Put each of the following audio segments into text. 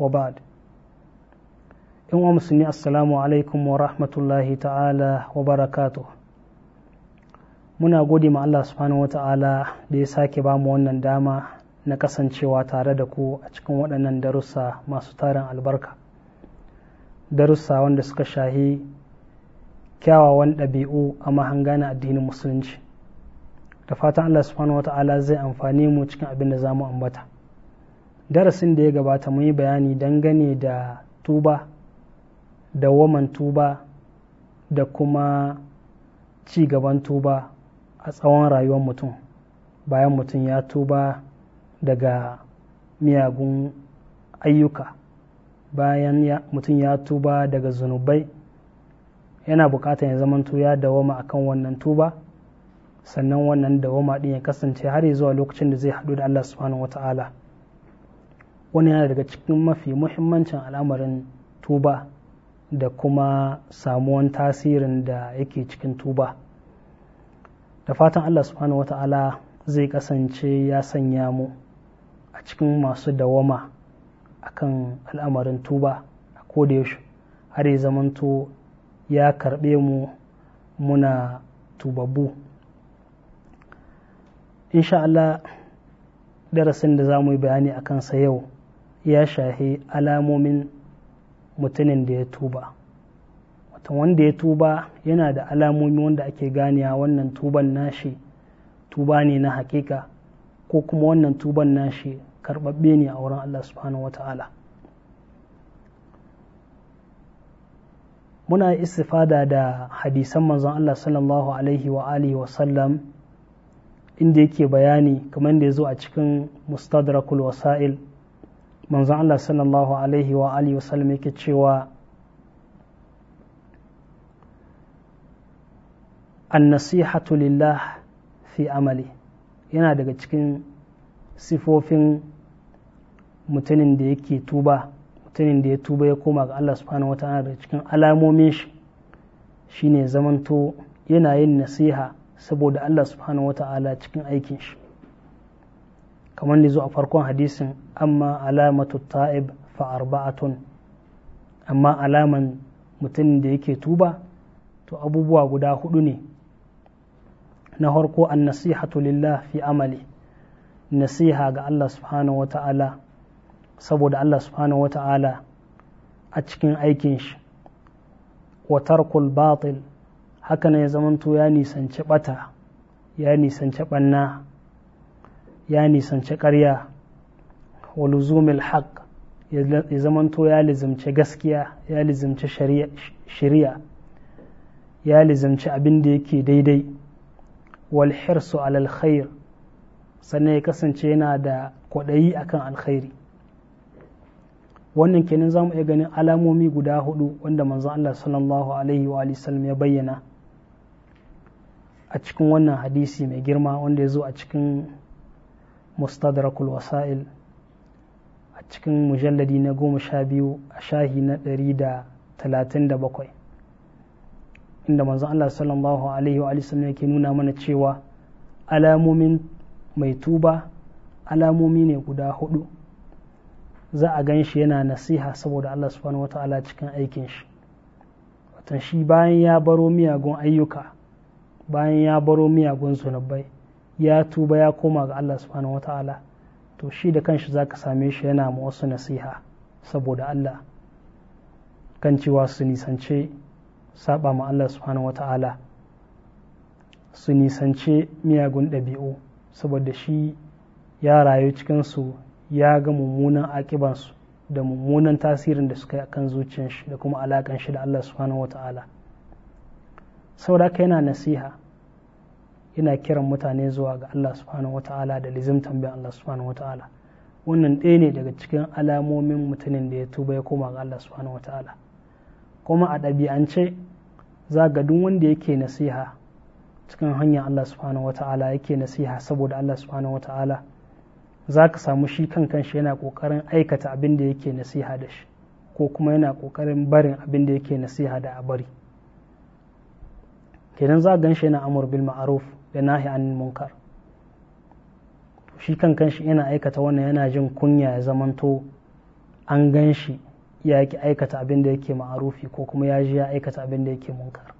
wa ba'd in wa musulmi assalamu alaikum wa rahmatullahi ta'ala wa barakatu muna gode ma Allah subhanahu wata'ala da ya sake ba mu wannan dama na kasancewa tare da ku a cikin waɗannan darussa masu tarin albarka darussa wanda suka shahi kyawawan ɗabi'u a mahanga na addinin musulunci da fatan Allah subhanahu wata'ala zai amfani mu cikin abin da za mu ambata darasin da ya gabata mun yi bayani dangane da tuba da waman tuba da kuma ci gaban tuba a tsawon rayuwar mutum bayan mutum ya tuba daga miyagun ayyuka bayan mutum ya tuba daga zunubai yana bukatar ya zama ya a kan wannan tuba sannan wannan dawoma din ya kasance har zuwa lokacin da zai haɗu da Allah subhanahu wata'ala wani yana daga cikin mafi muhimmancin al'amarin tuba da kuma samuwan tasirin da yake cikin tuba da fatan allah subhanahu wata'ala zai kasance ya sanya mu a cikin masu dawama akan al'amarin tuba a kodayaushe har ya zamanto ya karɓe mu muna tubabbu Insha'Allah darasin da za mu yi bayani a kansa yau ya shahi alamomin mutumin da ya tuba wata wanda ya tuba yana da alamomi wanda ake ganiya wannan tuban nashi tuba ne na hakika ko kuma wannan tuban nashi karɓaɓɓe ne a wurin Allah subhanahu wata'ala muna istifada da hadisan manzon Allah sallallahu alaihi wa alihi wa sallam inda yake bayani kamar da ya zo a cikin mustadrakul wasa'il manzon Allah sallallahu alaihi wa alihi wasallam yake cewa annasihatu lillah fi amali yana daga cikin sifofin mutumin da yake tuba mutumin da ya tuba ya koma ga Allah subhanahu ta'ala daga cikin alamomin shi shine zamanto yana yin nasiha saboda Allah subhanahu ta'ala cikin aikin shi kamar da zo a farkon hadisin amma alamatu ta'ib fa arba'atun amma alaman mutumin da yake tuba to abubuwa guda hudu ne na harko an nasihatu lillah fi amali nasiha ga Allah subhanahu wa ta'ala saboda Allah subhanahu wa ta'ala a cikin aikin shi watarkul batil haka ne zamanto ya nisanci bata ya nisanci banna ya nisanci karya wa luzumil haq ya zamanto ya lizimci gaskiya ya lizimci shari'a ya lizimci abin da yake daidai wal hirsu alal khair sannan ya kasance yana da kwaɗayi akan alkhairi wannan kenan zamu iya ganin alamomi guda hudu wanda manzon Allah sallallahu alaihi wa sallam ya bayyana a cikin wannan hadisi mai girma wanda ya zo a cikin mustadrakul wasa'il a cikin mujalladi na goma sha biyu a shahi na ɗari da talatin da bakwai inda manzon Allah sallallahu alaihi wa sallam yake nuna mana cewa alamomin mai tuba alamomi ne guda hudu za a gan shi yana nasiha saboda Allah subhanahu wata'ala cikin aikin shi watan shi bayan ya baro miyagun ayyuka bayan ya baro miyagun zunubai ya tuba ya koma ga Allah subhanahu wata'ala to shi da kanshi za ka same shi yana ma wasu nasiha saboda Allah kan cewa su nisance saba ma Allah subhanahu wata'ala su nisance miyagun ɗabi'u saboda shi ya rayu cikinsu ya ga mummunan aƙibansu da mummunan tasirin da suka yi akan zuciyar da kuma alaƙan shi da Allah subhanahu wata'ala saboda haka yana nasiha ina kiran mutane zuwa ga Allah subhanahu wata'ala da lizimtan bin Allah subhanahu wata'ala wannan ɗaya ne daga cikin alamomin mutumin da ya tuba ya koma ga Allah subhanahu wata'ala kuma a ɗabi'ance za ga duk wanda yake nasiha cikin hanyar Allah subhanahu wata'ala yake nasiha saboda Allah subhanahu wata'ala za ka samu shi kan kanshi yana ƙoƙarin aikata abin da yake nasiha da shi ko kuma yana ƙoƙarin barin abin da yake nasiha da a bari kenan za gan shi yana amur bil ma'aruf da nahi an munkar shi kan kanshi yana aikata wannan yana jin kunya ya zamanto an gan shi ya ki aikata abin da yake ma'arufi ko kuma ya ji ya aikata abin da yake munkar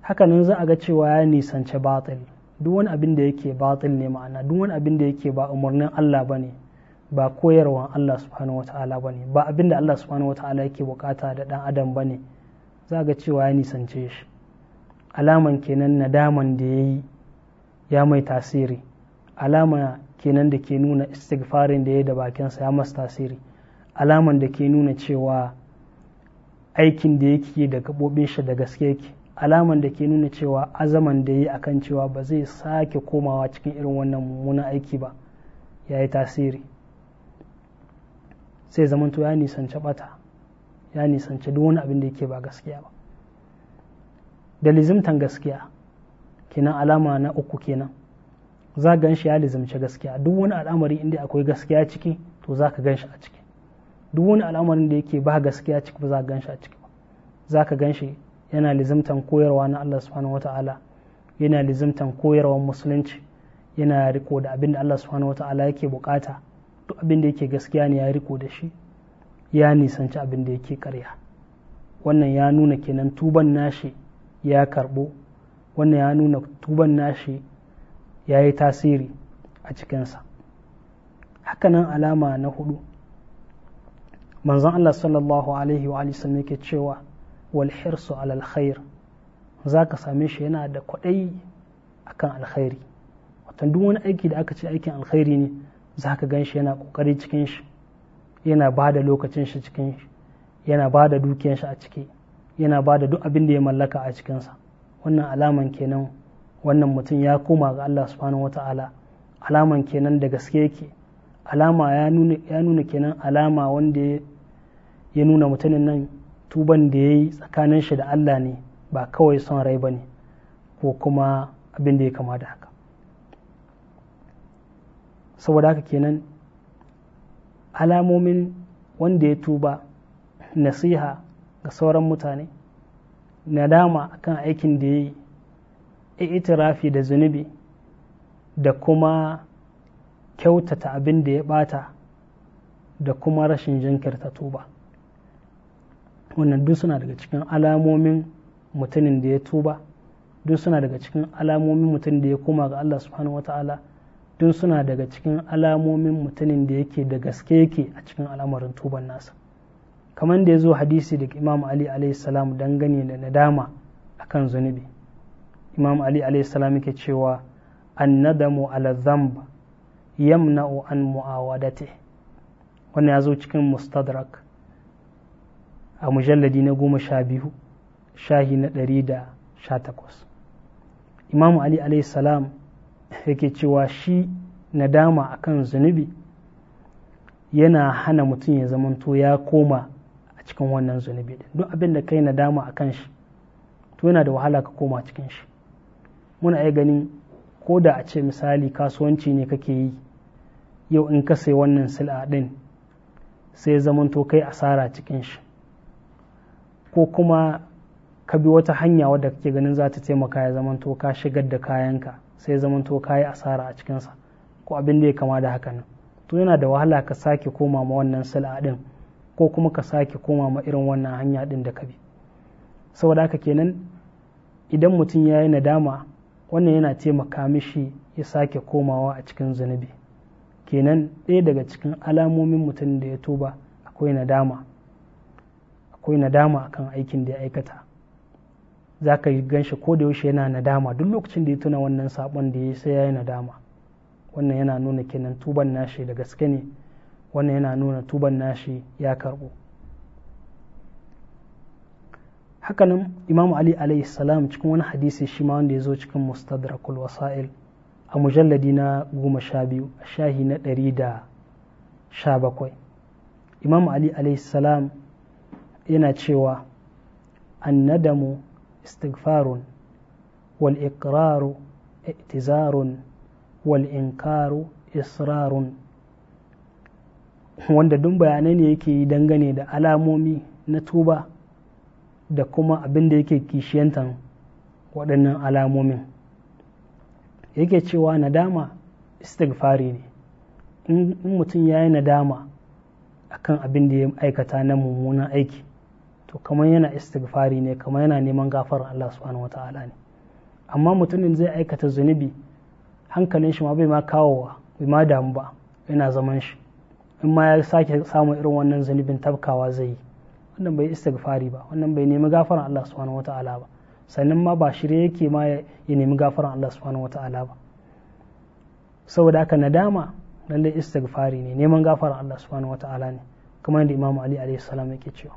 hakanan za a ga cewa ya nisance batil duk wani abin da yake batil ne ma'ana duk wani abin da yake ba umarnin Allah ba ba koyarwan Allah subhanahu wata'ala ba ba abin da Allah subhanahu wata'ala yake bukata da dan adam bane ne za a ga cewa ya nisance shi alaman kenan nadaman da ya yi ya mai tasiri alama kenan da ke nuna istighfarin da ya da bakinsa ya masa tasiri alaman da ke nuna cewa aikin da yake da gaɓoɓin shi da gaske yake alaman da ke nuna cewa azaman da ya yi akan cewa ba zai sake komawa cikin irin wannan mummunan aiki ba ya yi tasiri sai zamanto ya nisanci bata ya nisanci duk wani abin da yake ba gaskiya ba da lizimtan gaskiya kenan alama na uku kenan za gan shi ya lizimci gaskiya duk wani al'amari inda akwai gaskiya ciki to za ka gan shi a ciki duk wani al'amarin da yake ba gaskiya ciki ba za ka gan shi a ciki za ka gan shi yana lizimtan koyarwa na Allah subhanahu wata'ala yana lizimtan koyarwar musulunci yana riko da abin da Allah subhanahu wata'ala yake bukata duk abin da yake gaskiya ne ya riko da shi ya nisanci abin da yake karya wannan ya nuna kenan tuban nashi ya karɓo wannan ya nuna tuban nashi ya yi tasiri a cikinsa hakanan alama na hudu manzon Allah sallallahu alaihi wa sallam yake cewa wal hirsu alal khair za ka same shi yana da kwaɗayi kan alkhairi watan duk wani aiki da aka ce aikin alkhairi ne za ka gan shi yana ƙoƙari cikin shi yana ba da lokacin shi cikin shi yana ba da dukiyan shi a ciki yana ba da duk abin da ya mallaka a cikinsa wannan alaman kenan wannan mutum ya koma ga Allah subhanahu wa ta'ala alaman kenan da gaske yake alama ya nuna kenan alama wanda ya nuna mutumin nan tuban da ya yi tsakanin shi da Allah ne ba kawai son rai ba ne ko kuma abin da ya kama da haka saboda haka kenan alamomin wanda ya tuba nasiha ga sauran mutane nadama akan aikin da ya yi itirafi da zunubi da kuma kyautata abin da ya bata da kuma rashin jinkirta tuba wannan duk suna daga cikin alamomin mutumin da ya tuba duk suna daga cikin alamomin mutum da ya koma ga Allah subhanahu wata'ala duk suna daga cikin alamomin mutumin da yake da gaske yake a cikin al'amarin tuban nasa kamar da ya zo hadisi daga imam ali don dangane da nadama akan zunubi imam ali alaihissalam yake cewa an nadamu ala zamba yamna'u an mu'awadate wannan ya zo cikin mustadrak a mujalladi na goma sha biyu shahi na ɗari da sha takwas imam ali alaihissalam yake cewa shi nadama akan zunubi yana hana mutum ya zamanto ya koma cikin wannan zunubi duk abin da kai nadama a kan shi to yana da wahala ka koma cikin shi muna iya ganin ko da a ce misali kasuwanci ne kake yi yau in ka sai wannan sila ɗin sai zamanto kai asara cikin shi ko kuma ka bi wata hanya wadda kake ganin za ta taimaka ya zamanto ka shigar da kayanka sai zamanto ka yi asara a cikinsa ko abin da ya kama da hakan. to yana da wahala ka sake koma ma wannan sila ɗin ko kuma ka sake koma ma irin wannan hanya ɗin da ka bi saboda haka kenan idan mutum ya yi nadama wannan yana taimaka mishi ya sake komawa a cikin zunubi kenan ɗaya daga cikin alamomin mutum da ya tuba akwai nadama akwai nadama akan aikin da ya aikata za ka yi ganshi ko da yaushe yana nadama duk lokacin da ya tuna wannan saɓon da ya sai ya yi nadama wannan yana nuna kenan tuban nashi da gaske ne wannan yana nuna tuban nashi ya karɓo hakanan imamu ali alayhi salam cikin wani hadisi shi ma wanda ya zo cikin mustadrakul wasa'il a mujalladi na goma sha biyu a shahi na ɗari da sha bakwai imamu ali alayhi salam yana cewa annadamu istighfarun wal iqraru i'tizarun wal inkaru israrun wanda duk bayanai ne yake yi dangane da alamomi na tuba da kuma abin da yake kishiyanta waɗannan alamomin yake cewa nadama istighfari ne in mutum ya yi nadama a kan abin da ya aikata na mummunan aiki to kamar yana istighfari ne kamar yana neman gafar Allah subhanahu ta'ala ne amma mutumin zai aikata zunubi hankalin shi ma bai ma kawowa bai ma damu ba yana zaman shi in ma ya sake samun irin wannan zunubin tabkawa zai yi wannan bai istighfari ba wannan bai nemi gafaran Allah subhanahu wata'ala ba sannan ma ba shirye yake ma ya nemi gafaran Allah subhanahu wata'ala ba saboda haka nadama lallai istighfari ne neman gafaran Allah subhanahu wata'ala ne kamar yadda Imam Ali alayhi salam yake cewa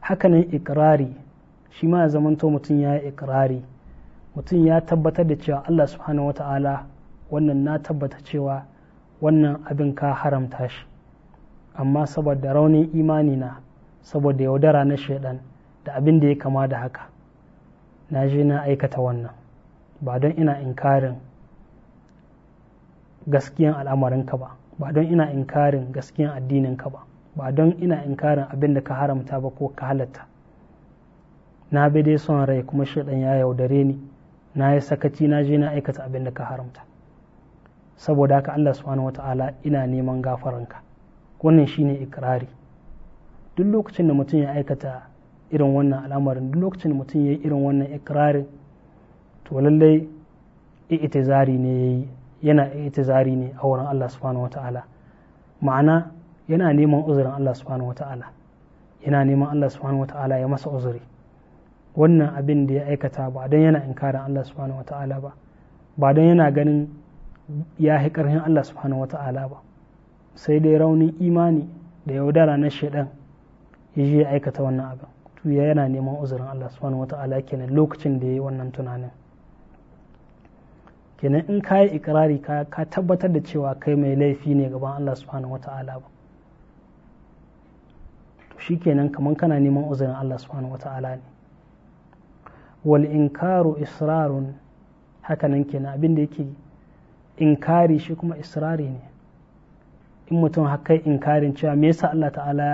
hakanan ikrari shi ma ya zamanto mutum ya yi ikrari mutum ya tabbatar da cewa Allah subhanahu wata'ala wannan na tabbata cewa wannan abin ka haramta shi amma saboda raunin imani na saboda yaudara na shaidan da abin da ya kama da haka na je na aikata wannan ba don ina inkarin gaskiyan al'amarinka ba ba don ina inkarin gaskiyan addininka ba ba don ina inkarin abin da ka haramta ba ko ka halatta na bi dai son rai kuma shaidan ya yaudare ni na yi sakaci na je na aikata abin da ka haramta saboda haka Allah subhanahu wata'ala ina neman gafaranka wannan shine ikrari duk lokacin da mutum ya aikata irin wannan al'amarin duk lokacin da mutum ya yi irin wannan ikirarin to lallai itizari ne yayi yana itizari ne a wurin Allah subhanahu wata'ala ma'ana yana neman uzurin Allah subhanahu wata'ala yana neman Allah subhanahu wata'ala ya masa uzuri wannan abin da ya aikata ba don yana inkarin Allah subhanahu wata'ala ba ba dan yana ganin ya yi ƙarfin Allah subhanahu wa ta'ala ba sai dai raunin imani da yaudara na shaidan ya je ya aikata wannan abin to yana neman uzurin Allah subhanahu wa ta'ala kenan lokacin da ya yi wannan tunanin kenan in ka yi ikirari ka tabbatar da cewa kai mai laifi ne gaban Allah subhanahu wa ta'ala ba to shi kenan kamar kana neman uzurin Allah subhanahu wa ta'ala ne wal inkaru israrun hakanan kenan abin da yake inkari shi kuma israri ne in mutum haka inkarin cewa me yasa Allah ta'ala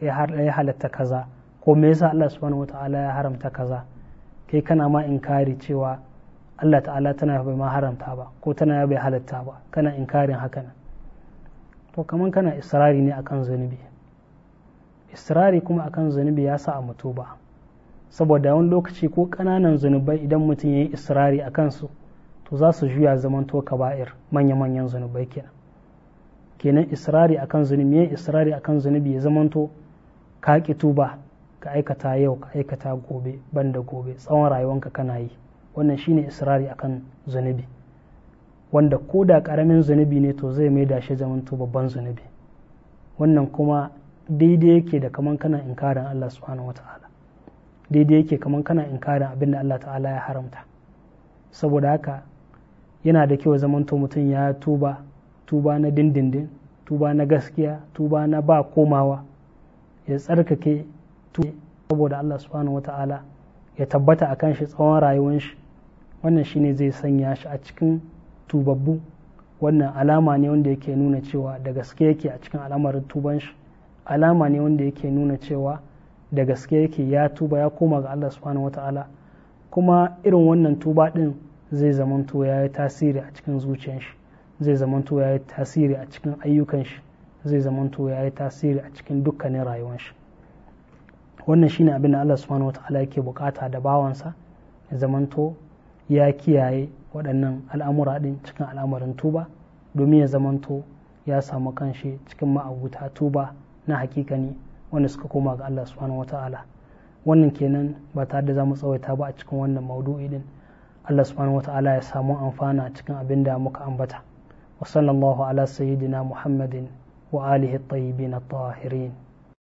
ya halatta kaza ko me yasa Allah subhanahu wata'ala ya haramta kaza kai kana ma inkari cewa Allah ta'ala tana bai ma haramta ba ko tana bai halatta ba kana inkarin haka nan to kaman kana israri ne akan zunubi israri kuma akan zunubi ya sa a mutu ba saboda wani lokaci ko kananan zunubai idan mutum ya yi israri a kansu to za su juya zaman to bair manya-manyan zunubai kenan kenan israri akan zunubi ya israri akan zunubi ya zamanto ka ki tuba ka aikata yau ka aikata gobe banda gobe tsawon rayuwanka kana yi wannan shine israri akan zunubi wanda ko da karamin zunubi ne to zai mai da shi zamanto babban zunubi wannan kuma daidai yake da kaman kana inkarin Allah subhanahu wataala daidai yake kaman kana inkarin abin da Allah ta'ala ya haramta saboda haka yana da kyau zamanto mutum ya tuba tuba na dindindin tuba na gaskiya tuba na ba komawa ya tsarkake saboda Allah subhanahu wa ta'ala ya tabbata a kan shi tsawon rayuwar shi wannan shine zai sanya shi a cikin tubabbu wannan alama ne wanda yake nuna cewa da gaske yake a cikin al'amarin tuban shi alama ne wanda yake nuna cewa da gaske yake ya tuba ya koma ga Allah subhanahu wa ta'ala kuma irin wannan tuba din zai zamanto ya yi tasiri a cikin zuciyar shi zai zamanto ya yi tasiri a cikin ayyukan shi zai zamanto ya yi tasiri a cikin dukkanin rayuwar shi wannan shine abin da Allah subhanahu wataala yake bukata da bawansa ya zamanto ya kiyaye waɗannan al'amura ɗin cikin al'amarin tuba domin ya zamanto ya samu kanshi cikin ma'abuta tuba na ne wanda suka koma ga Allah subhanahu wataala wannan kenan ba tare da za mu tsawaita ba a cikin wannan maudu'i din Allah subhanahu wata'ala ya samu amfana cikin abin da muka ambata wa sallallahu ala sayyidina muhammadin wa alihi at-tayyibin at-tahirin